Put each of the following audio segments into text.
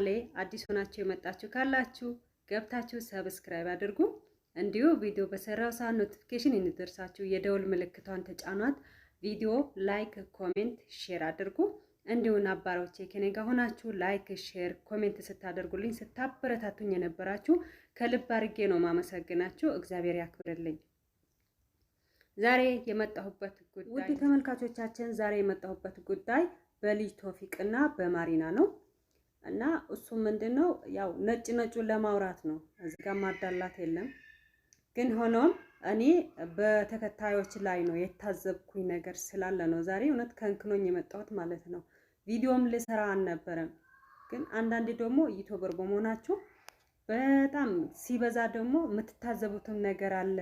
ቻናሌ አዲስ ሆናችሁ የመጣችሁ ካላችሁ ገብታችሁ ሰብስክራይብ አድርጉ። እንዲሁ ቪዲዮ በሰራው ሰዓት ኖቲፊኬሽን እንዲደርሳችሁ የደውል ምልክቷን ተጫኗት። ቪዲዮ ላይክ፣ ኮሜንት፣ ሼር አድርጉ። እንዲሁ አባሮቼ ከኔ ጋር ሆናችሁ ላይክ፣ ሼር፣ ኮሜንት ስታደርጉልኝ ስታበረታቱኝ የነበራችሁ ከልብ አድርጌ ነው ማመሰግናችሁ። እግዚአብሔር ያክብርልኝ። ዛሬ የመጣሁበት ጉዳይ ውድ ተመልካቾቻችን ዛሬ የመጣሁበት ጉዳይ በልጅ ቶፊቅና በማሪና ነው። እና እሱ ምንድን ነው ያው ነጭ ነጩን ለማውራት ነው። እዚህ ጋር ማዳላት የለም። ግን ሆኖም እኔ በተከታዮች ላይ ነው የታዘብኩኝ ነገር ስላለ ነው ዛሬ እውነት ከንክኖኝ የመጣሁት ማለት ነው። ቪዲዮም ልሰራ አልነበረም። ግን አንዳንዴ ደግሞ ዩቱበር በመሆናችሁ በጣም ሲበዛ ደግሞ የምትታዘቡትም ነገር አለ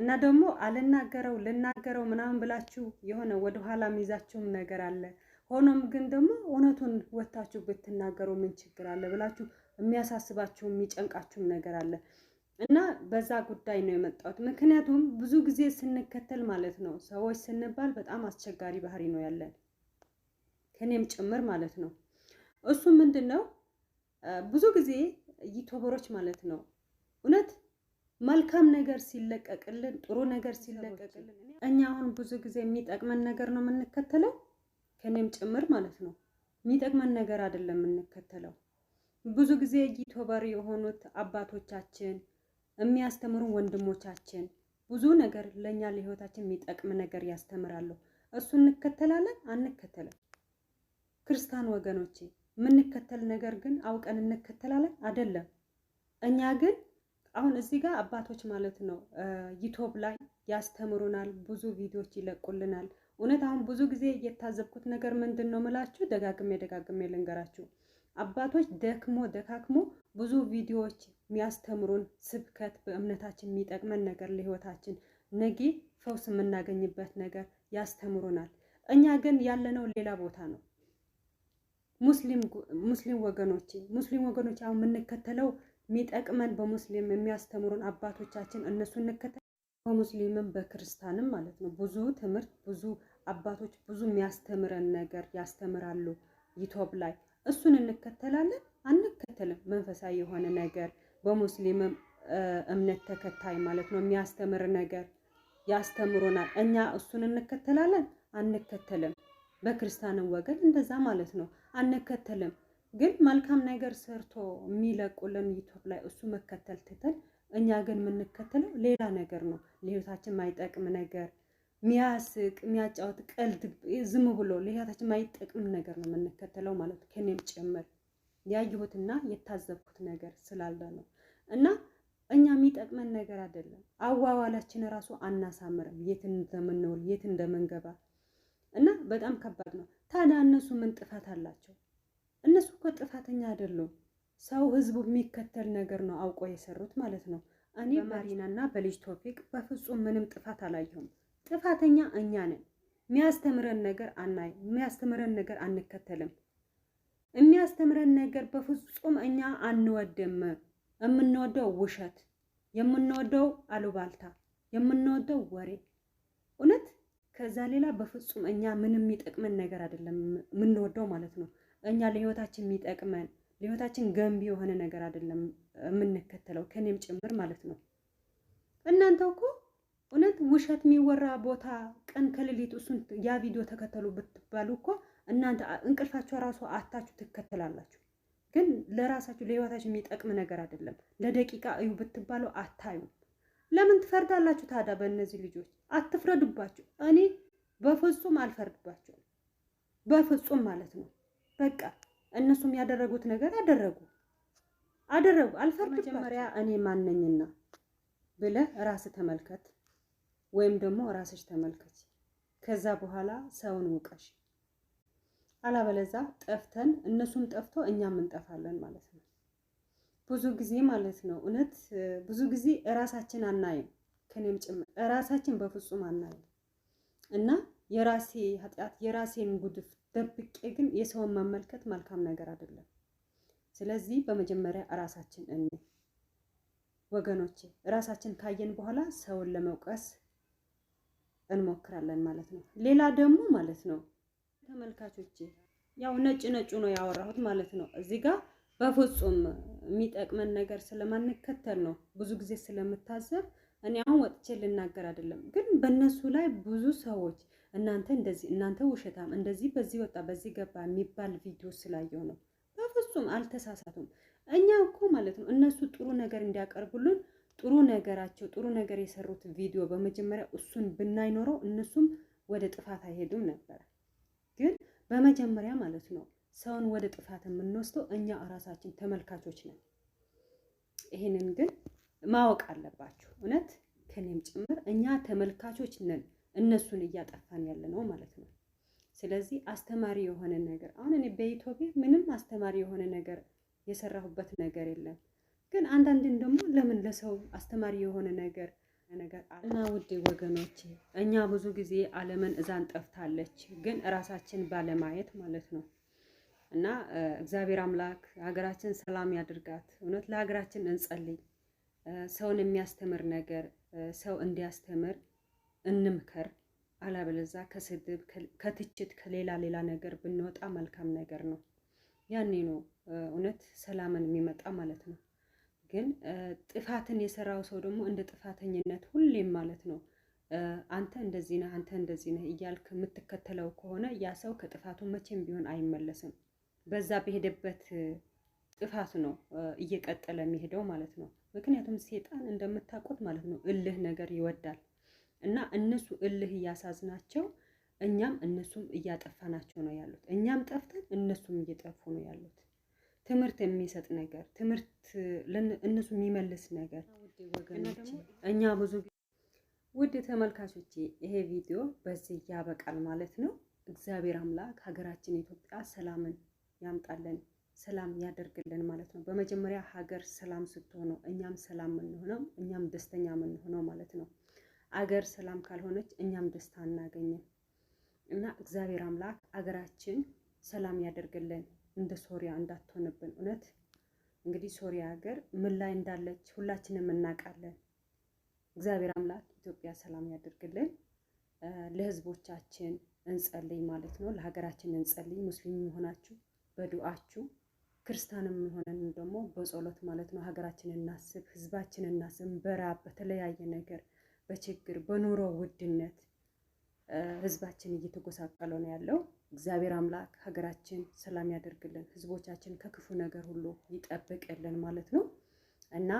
እና ደግሞ አልናገረው ልናገረው ምናምን ብላችሁ የሆነ ወደኋላ የሚይዛችሁም ነገር አለ። ሆኖም ግን ደግሞ እውነቱን ወታችሁ ብትናገሩ ምን ችግር አለ ብላችሁ የሚያሳስባችሁ የሚጨንቃችሁም ነገር አለ እና በዛ ጉዳይ ነው የመጣሁት። ምክንያቱም ብዙ ጊዜ ስንከተል ማለት ነው ሰዎች ስንባል በጣም አስቸጋሪ ባህሪ ነው ያለን ከኔም ጭምር ማለት ነው። እሱ ምንድን ነው ብዙ ጊዜ ዩቱበሮች ማለት ነው እውነት መልካም ነገር ሲለቀቅልን ጥሩ ነገር ሲለቀቅልን፣ እኛ አሁን ብዙ ጊዜ የሚጠቅመን ነገር ነው የምንከተለው ከእኔም ጭምር ማለት ነው። የሚጠቅመን ነገር አይደለም የምንከተለው። ብዙ ጊዜ ጊቶበር የሆኑት አባቶቻችን የሚያስተምሩ ወንድሞቻችን ብዙ ነገር ለእኛ ለህይወታችን የሚጠቅም ነገር ያስተምራሉ። እሱ እንከተላለን አንከተልም። ክርስቲያን ወገኖቼ የምንከተል ነገር ግን አውቀን እንከተላለን አይደለም። እኛ ግን አሁን እዚህ ጋር አባቶች ማለት ነው ዩቱብ ላይ ያስተምሩናል፣ ብዙ ቪዲዮዎች ይለቁልናል። እውነት አሁን ብዙ ጊዜ እየታዘብኩት ነገር ምንድን ነው ምላችሁ፣ ደጋግሜ ደጋግሜ ልንገራችሁ። አባቶች ደክሞ ደካክሞ ብዙ ቪዲዮዎች የሚያስተምሩን ስብከት፣ በእምነታችን የሚጠቅመን ነገር፣ ለህይወታችን ነገ ፈውስ የምናገኝበት ነገር ያስተምሩናል። እኛ ግን ያለነው ሌላ ቦታ ነው። ሙስሊም ወገኖች ሙስሊም ወገኖች አሁን የምንከተለው የሚጠቅመን በሙስሊም የሚያስተምሩን አባቶቻችን እነሱ እንከተል በሙስሊምም በክርስታንም ማለት ነው ብዙ ትምህርት ብዙ አባቶች ብዙ የሚያስተምረን ነገር ያስተምራሉ። ዩቱብ ላይ እሱን እንከተላለን አንከተልም። መንፈሳዊ የሆነ ነገር በሙስሊም እምነት ተከታይ ማለት ነው የሚያስተምር ነገር ያስተምሮናል። እኛ እሱን እንከተላለን አንከተልም። በክርስቲያንም ወገን እንደዛ ማለት ነው አንከተልም። ግን መልካም ነገር ሰርቶ የሚለቁልን ዩቱብ ላይ እሱ መከተል ትተን እኛ ግን የምንከተለው ሌላ ነገር ነው፣ ለህይወታችን ማይጠቅም ነገር ሚያስቅ ሚያጫወት ቀልድ ዝም ብሎ ለህይወታችን ማይጠቅም ነገር ነው የምንከተለው ማለት ነው። ከኔም ጭምር ያየሁትና የታዘብኩት ነገር ስላለ ነው እና እኛ የሚጠቅመን ነገር አይደለም። አዋዋላችን ራሱ አናሳምርም፣ የት እንደምንውል የት እንደምንገባ እና በጣም ከባድ ነው። ታዲያ እነሱ ምን ጥፋት አላቸው? እነሱ እኮ ጥፋተኛ አይደሉም። ሰው ህዝቡ የሚከተል ነገር ነው አውቆ የሰሩት ማለት ነው። እኔ በማሪና እና በልጅ ቶፊቅ በፍጹም ምንም ጥፋት አላየሁም። ጥፋተኛ እኛ ነን። የሚያስተምረን ነገር አናይ፣ የሚያስተምረን ነገር አንከተልም። የሚያስተምረን ነገር በፍጹም እኛ አንወድም። የምንወደው ውሸት፣ የምንወደው አሉባልታ፣ የምንወደው ወሬ እውነት ከዛ ሌላ በፍጹም እኛ ምንም የሚጠቅመን ነገር አይደለም የምንወደው ማለት ነው። እኛ ለህይወታችን የሚጠቅመን ለህይወታችን ገንቢ የሆነ ነገር አይደለም የምንከተለው ከኔም ጭምር ማለት ነው። እናንተው እኮ እውነት ውሸት የሚወራ ቦታ ቀን ከሌሊት እሱን ያ ቪዲዮ ተከተሉ ብትባሉ እኮ እናንተ እንቅልፋችሁ ራሱ አታችሁ ትከተላላችሁ። ግን ለራሳችሁ ለህይወታችሁ የሚጠቅም ነገር አይደለም። ለደቂቃ እዩ ብትባሉ አታዩም። ለምን ትፈርዳላችሁ ታዲያ? በእነዚህ ልጆች አትፍረዱባቸው። እኔ በፍጹም አልፈርድባቸውም። በፍጹም ማለት ነው። በቃ እነሱም ያደረጉት ነገር አደረጉ አደረጉ። አልፈርድባቸው። መጀመሪያ እኔ ማነኝና ብለህ ራስ ተመልከት። ወይም ደግሞ ራስሽ ተመልከች። ከዛ በኋላ ሰውን ውቀሽ። አላበለዛ ጠፍተን እነሱም ጠፍቶ እኛም እንጠፋለን ማለት ነው። ብዙ ጊዜ ማለት ነው እውነት ብዙ ጊዜ እራሳችን አናይም፣ ከኔም ጭምር እራሳችን በፍጹም አናይም። እና የራሴ ኃጢአት የራሴን ጉድፍ ደብቄ ግን የሰውን መመልከት መልካም ነገር አይደለም። ስለዚህ በመጀመሪያ እራሳችን እኔ ወገኖቼ እራሳችን ካየን በኋላ ሰውን ለመውቀስ እንሞክራለን ማለት ነው። ሌላ ደግሞ ማለት ነው ተመልካቾች፣ ያው ነጭ ነጩ ነው ያወራሁት ማለት ነው። እዚህ ጋር በፍጹም የሚጠቅመን ነገር ስለማንከተል ነው። ብዙ ጊዜ ስለምታዘብ እኔ አሁን ወጥቼ ልናገር አይደለም፣ ግን በእነሱ ላይ ብዙ ሰዎች እናንተ እንደዚህ እናንተ ውሸታም እንደዚህ በዚህ ወጣ በዚህ ገባ የሚባል ቪዲዮ ስላየው ነው። በፍጹም አልተሳሳቱም። እኛ እኮ ማለት ነው እነሱ ጥሩ ነገር እንዲያቀርቡልን ጥሩ ነገራቸው ጥሩ ነገር የሰሩት ቪዲዮ በመጀመሪያ እሱን ብናይኖረው እነሱም ወደ ጥፋት አይሄዱም ነበር። ግን በመጀመሪያ ማለት ነው ሰውን ወደ ጥፋት የምንወስደው እኛ እራሳችን ተመልካቾች ነን። ይሄንን ግን ማወቅ አለባችሁ። እውነት ከኔም ጭምር እኛ ተመልካቾች ነን፣ እነሱን እያጠፋን ያለ ነው ማለት ነው። ስለዚህ አስተማሪ የሆነ ነገር አሁን እኔ በኢትዮጵያ ምንም አስተማሪ የሆነ ነገር የሰራሁበት ነገር የለም። ግን አንዳንድን ደግሞ ለምን ለሰው አስተማሪ የሆነ ነገር ነገር እና ውዴ ወገኖቼ እኛ ብዙ ጊዜ ዓለምን እዛን ጠፍታለች፣ ግን እራሳችን ባለማየት ማለት ነው። እና እግዚአብሔር አምላክ ሀገራችን ሰላም ያድርጋት። እውነት ለሀገራችን እንጸልይ። ሰውን የሚያስተምር ነገር ሰው እንዲያስተምር እንምከር። አላበለዛ ከስድብ ከትችት ከሌላ ሌላ ነገር ብንወጣ መልካም ነገር ነው። ያኔ ነው እውነት ሰላምን የሚመጣ ማለት ነው። ግን ጥፋትን የሰራው ሰው ደግሞ እንደ ጥፋተኝነት ሁሌም ማለት ነው አንተ እንደዚህ ነህ፣ አንተ እንደዚህ ነህ እያልክ የምትከተለው ከሆነ ያ ሰው ከጥፋቱ መቼም ቢሆን አይመለስም። በዛ በሄደበት ጥፋት ነው እየቀጠለ የሚሄደው ማለት ነው። ምክንያቱም ሴጣን እንደምታውቁት ማለት ነው እልህ ነገር ይወዳል እና እነሱ እልህ እያሳዝናቸው እኛም እነሱም እያጠፋናቸው ነው ያሉት። እኛም ጠፍተን እነሱም እየጠፉ ነው ያሉት። ትምህርት የሚሰጥ ነገር ትምህርት እነሱ የሚመልስ ነገር እኛ ብዙ ውድ ተመልካቾቼ ይሄ ቪዲዮ በዚህ ያበቃል ማለት ነው። እግዚአብሔር አምላክ ሀገራችን ኢትዮጵያ ሰላምን ያምጣልን፣ ሰላም ያደርግልን ማለት ነው። በመጀመሪያ ሀገር ሰላም ስትሆነው እኛም ሰላም የምንሆነው እኛም ደስተኛ የምንሆነው ማለት ነው። አገር ሰላም ካልሆነች እኛም ደስታ አናገኝም እና እግዚአብሔር አምላክ አገራችን ሰላም ያደርግልን። እንደ ሶሪያ እንዳትሆንብን። እውነት እንግዲህ ሶሪያ ሀገር ምን ላይ እንዳለች ሁላችንም እናውቃለን። እግዚአብሔር አምላክ ኢትዮጵያ ሰላም ያደርግልን። ለህዝቦቻችን እንጸልይ ማለት ነው። ለሀገራችን እንጸልይ። ሙስሊም የሆናችሁ በዱአችሁ ክርስቲያንም የሆነን ደግሞ በጸሎት ማለት ነው። ሀገራችን እናስብ፣ ህዝባችን እናስብ። በራብ በተለያየ ነገር በችግር በኑሮ ውድነት ህዝባችን እየተጎሳቀለ ነው ያለው። እግዚአብሔር አምላክ ሀገራችን ሰላም ያደርግልን፣ ህዝቦቻችን ከክፉ ነገር ሁሉ ይጠብቅልን ማለት ነው እና